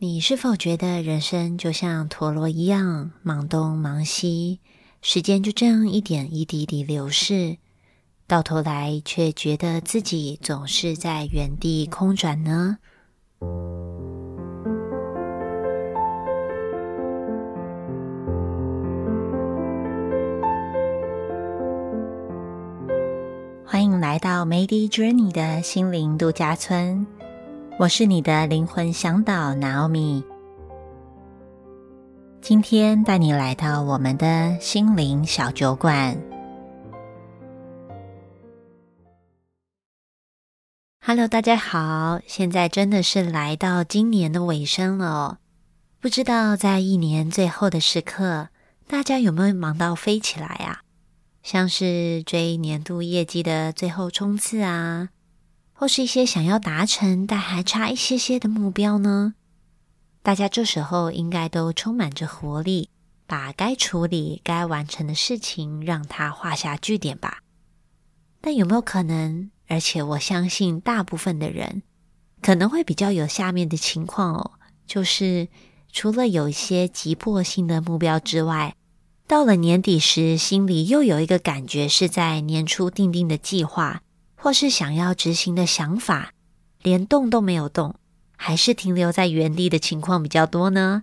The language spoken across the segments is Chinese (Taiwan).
你是否覺得人生就像陀螺一樣，忙東忙西，時間就這樣一點一滴滴流逝,到頭來卻覺得自己總是在原地空轉呢？歡迎來到 Medi Journey 的心靈度假村。我是你的靈魂向導 Naomi，今天帶你來到我們的心靈小酒館。Hello，大家好，現在真的是來到今年的尾聲了。不知道在一年最後的時刻，大家有沒有忙到飛起來啊？像是追年度業績的最後衝刺啊？或是一些想要達成但還差一些些的目標呢？大家這時候應該都充滿着活力，把該處理、該完成的事情，讓它畫下句點吧。但有沒有可能？而且我相信大部分的人，可能會比較有下面的情況哦，就是除了有一些急迫性的目標之外，到了年底時，心裡又有一個感覺，是在年初訂定的計劃。或是想要執行的想法，連動都沒有動，還是停留在原地的情況比較多呢？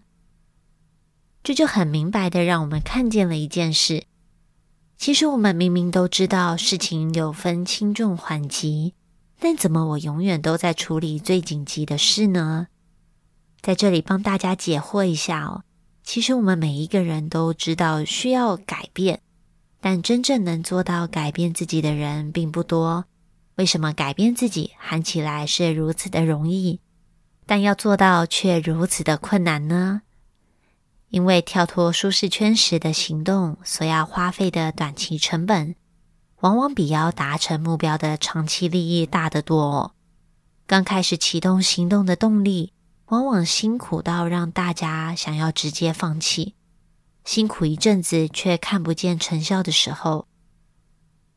這就很明白的讓我們看見了一件事。其實我們明明都知道事情有分輕重緩急，但怎麼我永遠都在處理最緊急的事呢？在這裡幫大家解惑一下哦，其實我們每一個人都知道需要改變，但真正能做到改變自己的人並不多。為什麼改變自己喊起來是如此的容易，但要做到卻如此的困難呢？因為跳脫舒適圈時的行動所要花費的短期成本，往往比要達成目標的長期利益大得多哦。剛開始啟動行動的動力，往往辛苦到讓大家想要直接放棄。辛苦一陣子卻看不見成效的時候。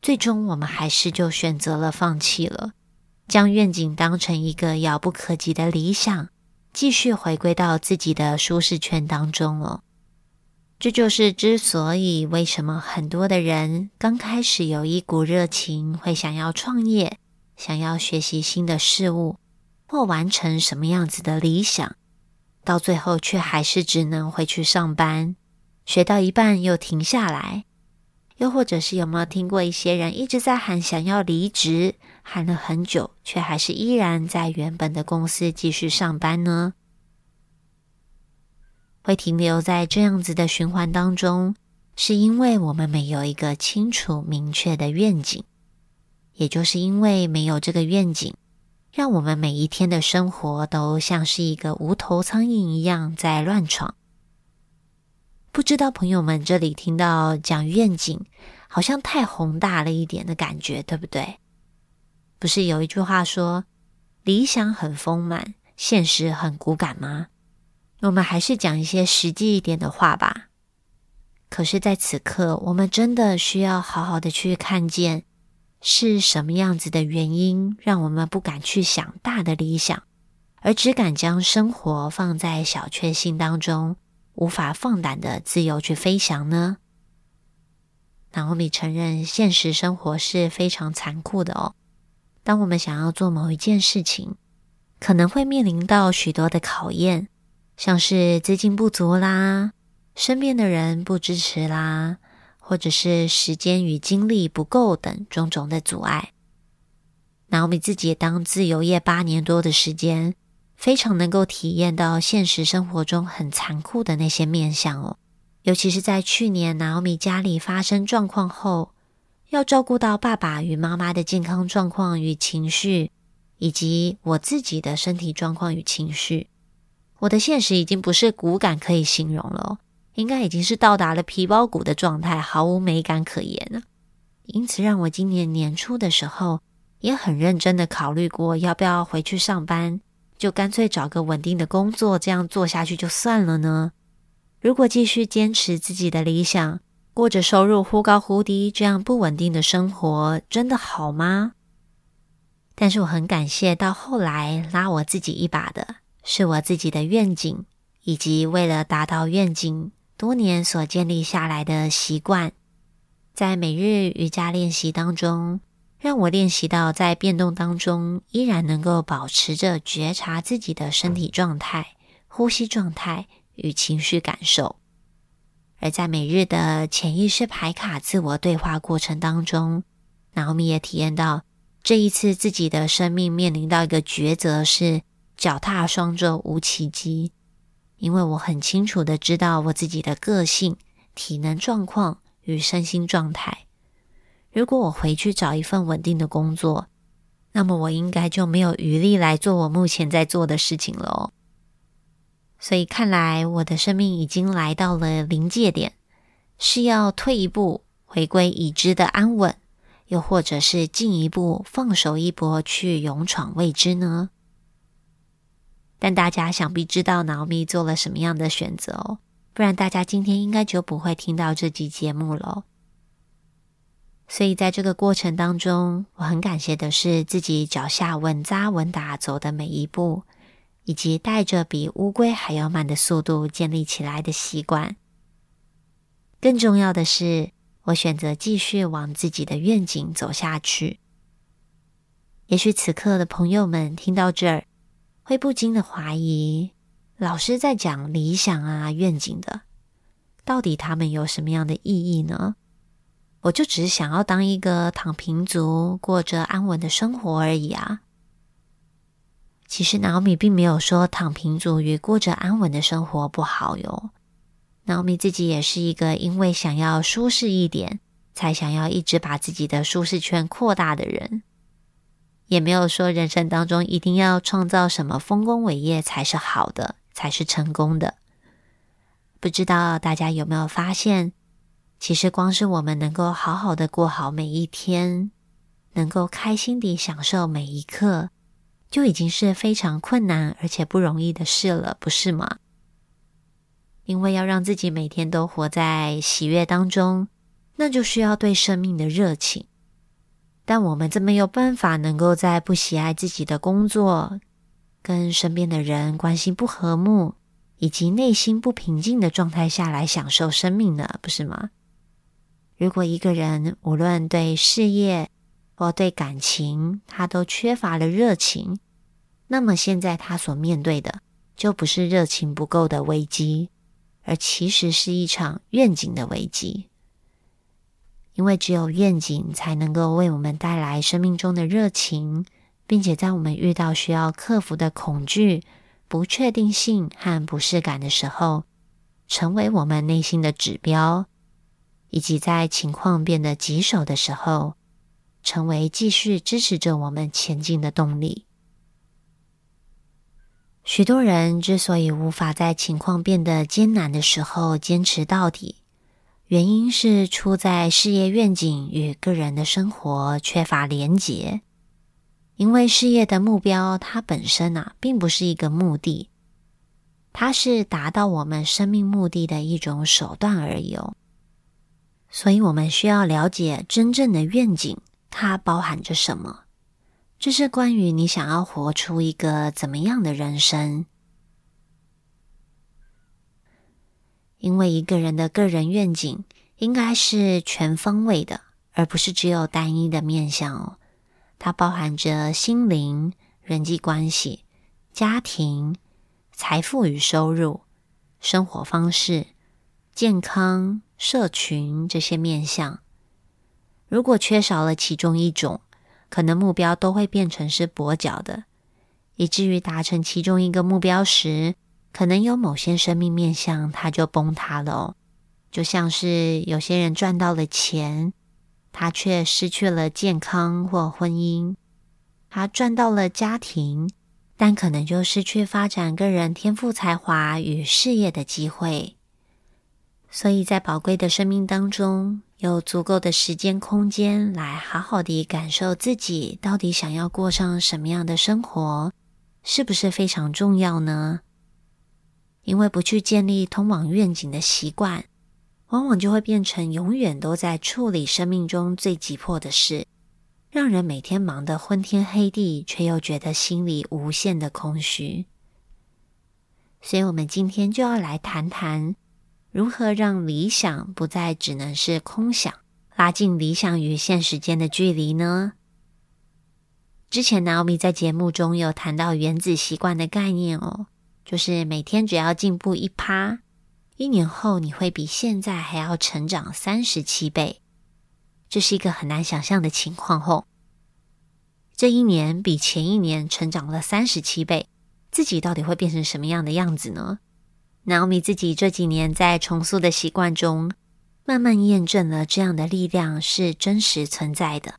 最終，我們還是就選擇了放棄了，將願景當成一個遙不可及的理想，繼續回歸到自己的舒適圈當中了。這就是之所以為什麼很多的人剛開始有一股熱情，會想要創業、想要學習新的事物或完成什麼樣子的理想，到最後卻還是只能回去上班，學到一半又停下來。又或者是有沒有聽過一些人一直在喊想要離職，喊了很久，卻還是依然在原本的公司繼續上班呢？會停留在這樣子的循環當中，是因為我們沒有一個清楚明確的願景。也就是因為沒有這個願景，讓我們每一天的生活都像是一個無頭蒼蠅一樣在亂闖。不知道朋友們這裡聽到講願景，好像太宏大了一點的感覺，對不對？不是有一句話說“理想很豐滿，現實很骨感”嗎？我們還是講一些實際一點的話吧。可是，在此刻，我們真的需要好好的去看見是什麼樣子的原因，讓我們不敢去想大的理想，而只敢將生活放在小確幸當中。無法放膽的自由去飛翔呢？那我們承認現實生活是非常殘酷的哦。當我們想要做某一件事情，可能會面臨到許多的考驗，像是資金不足啦、身邊的人不支持啦，或者是時間與精力不夠等種種的阻礙。那我們自己當自由業八年多的時間。非常能夠體驗到現實生活中很殘酷的那些面向哦，尤其是在去年 Naomi 家裡發生狀況後，要照顧到爸爸與媽媽的健康狀況與情緒，以及我自己的身體狀況與情緒，我的現實已經不是骨感可以形容了，應該已經是到達了皮包骨的狀態，毫無美感可言了。因此，讓我今年年初的時候也很認真的考慮過要不要回去上班。就乾脆找個穩定的工作，這樣做下去就算了呢？如果繼續堅持自己的理想，過着收入忽高忽低這樣不穩定的生活，真的好嗎？但是我很感謝到後來拉我自己一把的是我自己的願景，以及為了達到願景多年所建立下來的習慣，在每日瑜伽練習當中。讓我練習到在變動當中，依然能夠保持着覺察自己的身體狀態、呼吸狀態與情緒感受。而在每日的潛意識排卡、自我對話過程當中，那我們也體驗到這一次自己的生命面臨到一個抉擇，是腳踏雙舟無奇蹟。因為我很清楚地知道我自己的個性、體能狀況與身心狀態。如果我回去找一份穩定的工作，那麼我應該就沒有餘力來做我目前在做的事情了哦。所以看來我的生命已經來到了臨界點，是要退一步回歸已知的安穩，又或者是進一步放手一搏去勇闖未知呢？但大家想必知道撓咪做了什麼樣的選擇哦，不然大家今天應該就不會聽到這集節目了。所以，在這個過程當中，我很感謝的是自己腳下穩紮穩打走的每一步，以及帶着比烏龜還要慢的速度建立起來的習慣。更重要的是，我選擇繼續往自己的願景走下去。也許此刻的朋友們聽到這兒，會不禁的懷疑，老師在講理想啊、願景的，到底他們有什麼樣的意義呢？我就只是想要當一個躺平族，過着安穩的生活而已啊。其實，腦米並沒有說躺平族與過着安穩的生活不好喲。腦米自己也是一個因為想要舒適一點，才想要一直把自己的舒適圈擴大的人，也沒有說人生當中一定要創造什麼豐功偉業才是好的，才是成功的。不知道大家有沒有發現？其實，光是我們能夠好好的過好每一天，能夠開心地享受每一刻，就已經是非常困難而且不容易的事了，不是嗎？因為要讓自己每天都活在喜悅當中，那就需要對生命的熱情。但我們真沒有辦法能夠在不喜愛自己的工作、跟身邊的人關係不和睦以及內心不平靜的狀態下來享受生命呢？不是嗎？如果一個人無論對事業或對感情，他都缺乏了熱情，那麼現在他所面對的就不是熱情不夠的危機，而其實是一場願景的危機。因為只有願景才能夠為我們帶來生命中的熱情，並且在我們遇到需要克服的恐懼、不確定性和不適感的時候，成為我們內心的指標。以及在情況變得棘手的時候，成為繼續支持着我們前進的動力。許多人之所以無法在情況變得艱難的時候堅持到底，原因是出在事業願景與個人的生活缺乏連結。因為事業的目標，它本身啊，並不是一個目的，它是達到我們生命目的的一種手段而已哦。所以，我們需要了解真正的願景，它包含着什麼？這是關於你想要活出一個怎麼樣的人生？因為一個人的個人願景應該是全方位的，而不是只有單一的面向哦。它包含着心靈、人際關係、家庭、財富與收入、生活方式。健康、社群這些面相，如果缺少了其中一種，可能目標都會變成是跛腳的，以至於達成其中一個目標時，可能有某些生命面向它就崩塌了哦。就像是有些人賺到了錢，他卻失去了健康或婚姻；他賺到了家庭，但可能就失去發展個人天賦才華與事業的機會。所以在寶貴的生命當中，有足夠的時間空間來好好的感受自己到底想要過上什麼樣的生活，是不是非常重要呢？因為不去建立通往願景的習慣，往往就會變成永遠都在處理生命中最急迫的事，讓人每天忙得昏天黑地，卻又覺得心裡無限的空虛。所以我們今天就要來談談。如何讓理想不再只能是空想，拉近理想與現實間的距離呢？之前呢，奧米在節目中有談到原子習慣的概念哦，就是每天只要進步一趴，一年後你會比現在還要成長三十七倍，這是一個很難想象的情況哦。後這一年比前一年成長了三十七倍，自己到底會變成什麼樣的樣子呢？娜奧米自己這幾年在重塑的習慣中，慢慢驗證了這樣的力量是真實存在的。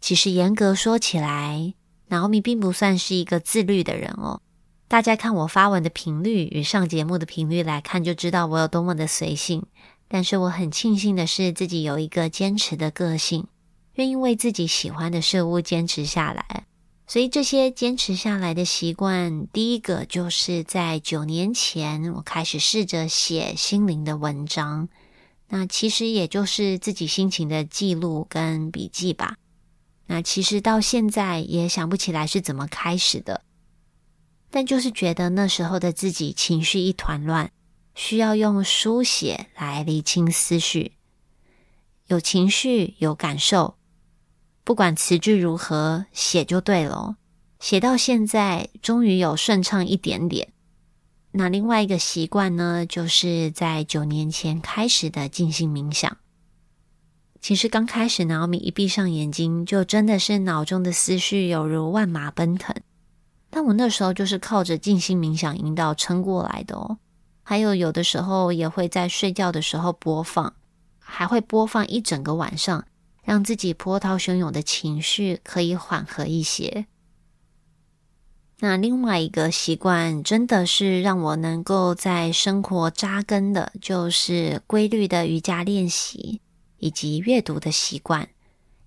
其實嚴格說起來，娜奧米並不算是一個自律的人哦。大家看我發文的頻率與上節目的頻率來看，就知道我有多麼的隨性。但是我很慶幸的是，自己有一個堅持的個性，願意為自己喜歡的事物堅持下來。所以這些堅持下來的習慣，第一個就是在九年前，我開始試着寫心靈的文章。那其實也就是自己心情的記錄跟筆記吧。那其實到現在也想不起來是怎麼開始的，但就是覺得那時候的自己情緒一團亂，需要用書寫來理清思緒，有情緒，有感受。不管詞句如何，寫就對了哦，寫到現在終於有順暢一點點。那另外一個習慣呢，就是在九年前開始的靜心冥想。其實剛開始，那我一閉上眼睛，就真的是腦中的思緒猶如萬馬奔騰。但我那時候就是靠着靜心冥想引導撐過來的哦。還有有的時候也會在睡覺的時候播放，還會播放一整個晚上。讓自己波濤洶湧的情緒可以緩和一些。那另外一個習慣，真的是讓我能夠在生活扎根的，就是規律的瑜伽練習以及閱讀的習慣。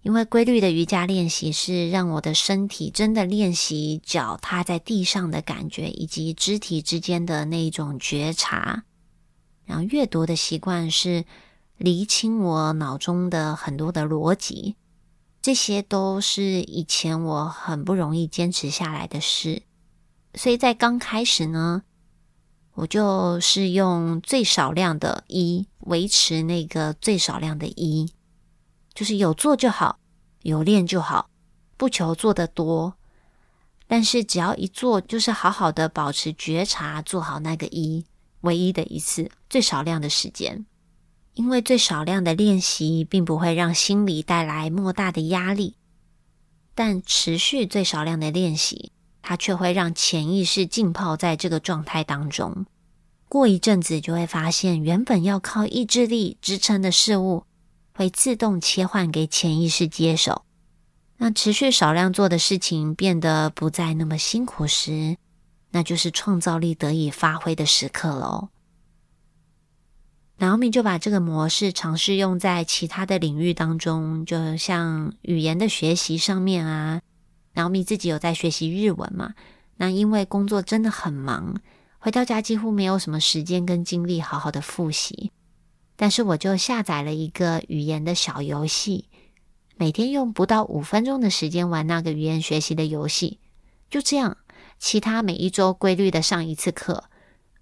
因為規律的瑜伽練習是讓我的身體真的練習腳踏在地上的感覺，以及肢體之間的那一種覺察。然後閱讀的習慣是。釐清我腦中的很多的邏輯，這些都是以前我很不容易堅持下來的事，所以在剛開始呢，我就是用最少量的一，維持那個最少量的一，就是有做就好，有練就好，不求做得多，但是只要一做，就是好好的保持覺察，做好那個一，唯一的一次，最少量的時間。因為最少量的練習並不會讓心理帶來莫大的壓力，但持續最少量的練習，它卻會讓潛意識浸泡在這個狀態當中。過一陣子，就會發現原本要靠意志力支撐的事物，會自動切換給潛意識接手。那持續少量做的事情變得不再那麼辛苦時，那就是創造力得以發揮的時刻嘍。然後你就把這個模式嘗試用在其他的領域當中，就像語言的學習上面啊。然後你自己有在學習日文嘛，那因為工作真的很忙，回到家幾乎沒有什麼時間跟精力好好的複習。但是我就下載了一個語言的小遊戲，每天用不到五分鐘的時間玩那個語言學習的遊戲，就這樣，其他每一周規律的上一次課。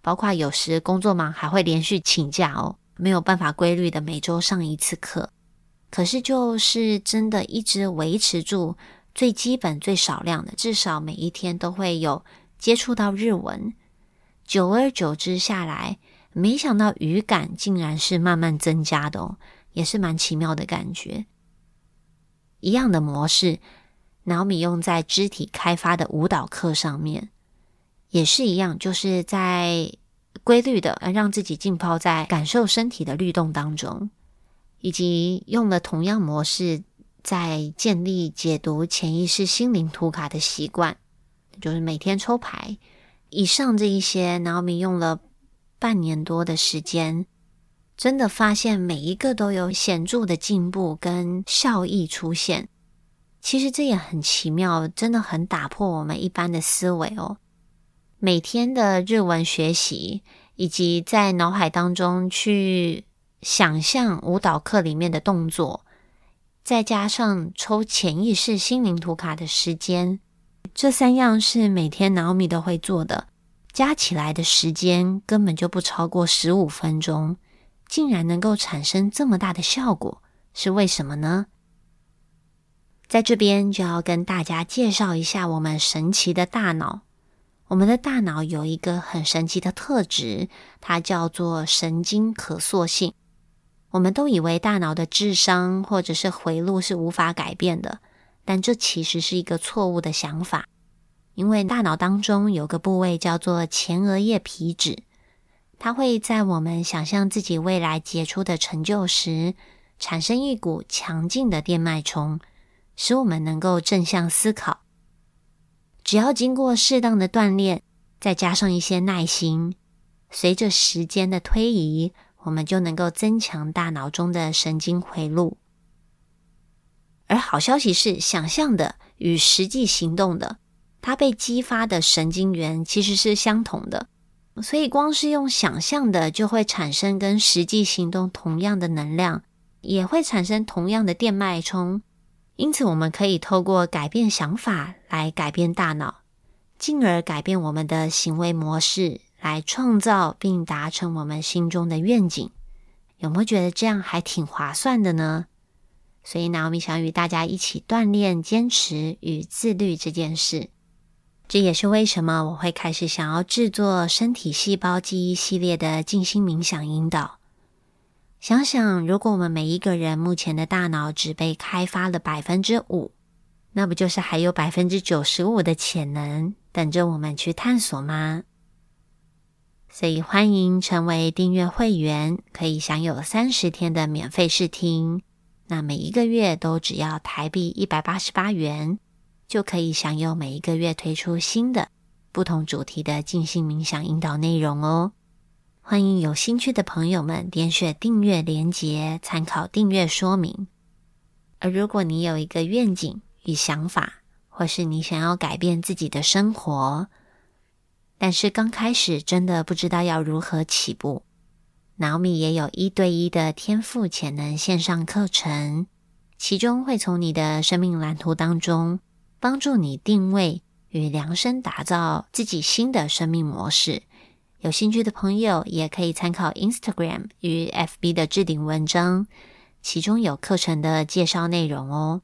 包括有時工作忙還會連續請假哦，沒有辦法規律的每周上一次課。可是就是真的一直維持住最基本最少量的，至少每一天都會有接觸到日文。久而久之下來，沒想到語感竟然是慢慢增加的哦，也是蠻奇妙的感覺。一樣的模式，腦米用在肢體開發的舞蹈課上面。也是一樣，就是在規律的讓自己浸泡在感受身體的律動當中，以及用了同樣模式在建立解讀潛意識心靈圖卡的習慣，就是每天抽牌。以上這一些，然後 Naomi 用了半年多的時間，真的發現每一個都有顯著的進步跟效益出現。其實這也很奇妙，真的很打破我們一般的思維哦。每天的日文學習，以及在腦海當中去想象舞蹈課裡面的動作，再加上抽潛意識心靈圖卡的時間，這三樣是每天腦米都會做的，加起來的時間根本就不超過十五分鐘，竟然能夠產生這麼大的效果，是為什麼呢？在這邊就要跟大家介紹一下我們神奇的大腦。我們的大腦有一個很神奇的特質，它叫做神經可塑性。我們都以為大腦的智商或者是回路是無法改變的，但這其實是一個錯誤的想法，因為大腦當中有個部位叫做前額葉皮質，它會在我們想象自己未來傑出的成就時，產生一股強勁的電脈衝，使我們能夠正向思考。只要經過適當的鍛鍊，再加上一些耐心，隨着時間的推移，我們就能夠增強大腦中的神經迴路。而好消息是，想象的與實際行動的，它被激發的神經元其實是相同的，所以光是用想象的，就會產生跟實際行動同樣的能量，也會產生同樣的電脈衝。因此，我們可以透過改變想法來改變大腦，進而改變我們的行為模式，來創造並達成我們心中的願景。有沒有覺得這樣還挺划算的呢？所以呢，我們想與大家一起鍛鍊、堅持與自律這件事。這也是為什麼我會開始想要製作《身體細胞記憶》系列的靜心冥想引導。想想，如果我們每一個人目前的大腦只被開發了百分之五，那不就是還有百分之九十五的潛能等着我們去探索嗎？所以，歡迎成為訂閱會員，可以享有三十天的免費試聽。那每一個月都只要台幣一百八十八元，就可以享有每一個月推出新的、不同主題的靜心冥想引導內容哦。歡迎有興趣的朋友們點選訂閱連結，參考訂閱說明。而如果你有一個願景與想法，或是你想要改變自己的生活，但是剛開始真的不知道要如何起步，腦米也有一對一的天賦潛能線上課程，其中會從你的生命藍圖當中幫助你定位與量身打造自己新的生命模式。有興趣的朋友也可以參考 Instagram 與 FB 的置頂文章，其中有課程的介紹內容哦。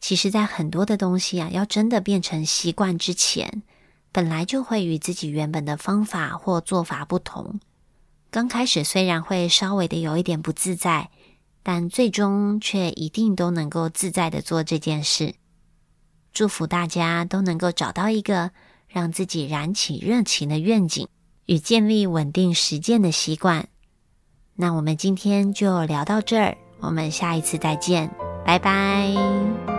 其實，在很多的東西啊，要真的變成習慣之前，本來就會與自己原本的方法或做法不同。剛開始雖然會稍微的有一點不自在，但最終卻一定都能夠自在的做這件事。祝福大家都能夠找到一個。讓自己燃起熱情的願景，與建立穩定實踐的習慣。那我們今天就聊到這兒，我們下一次再見，拜拜。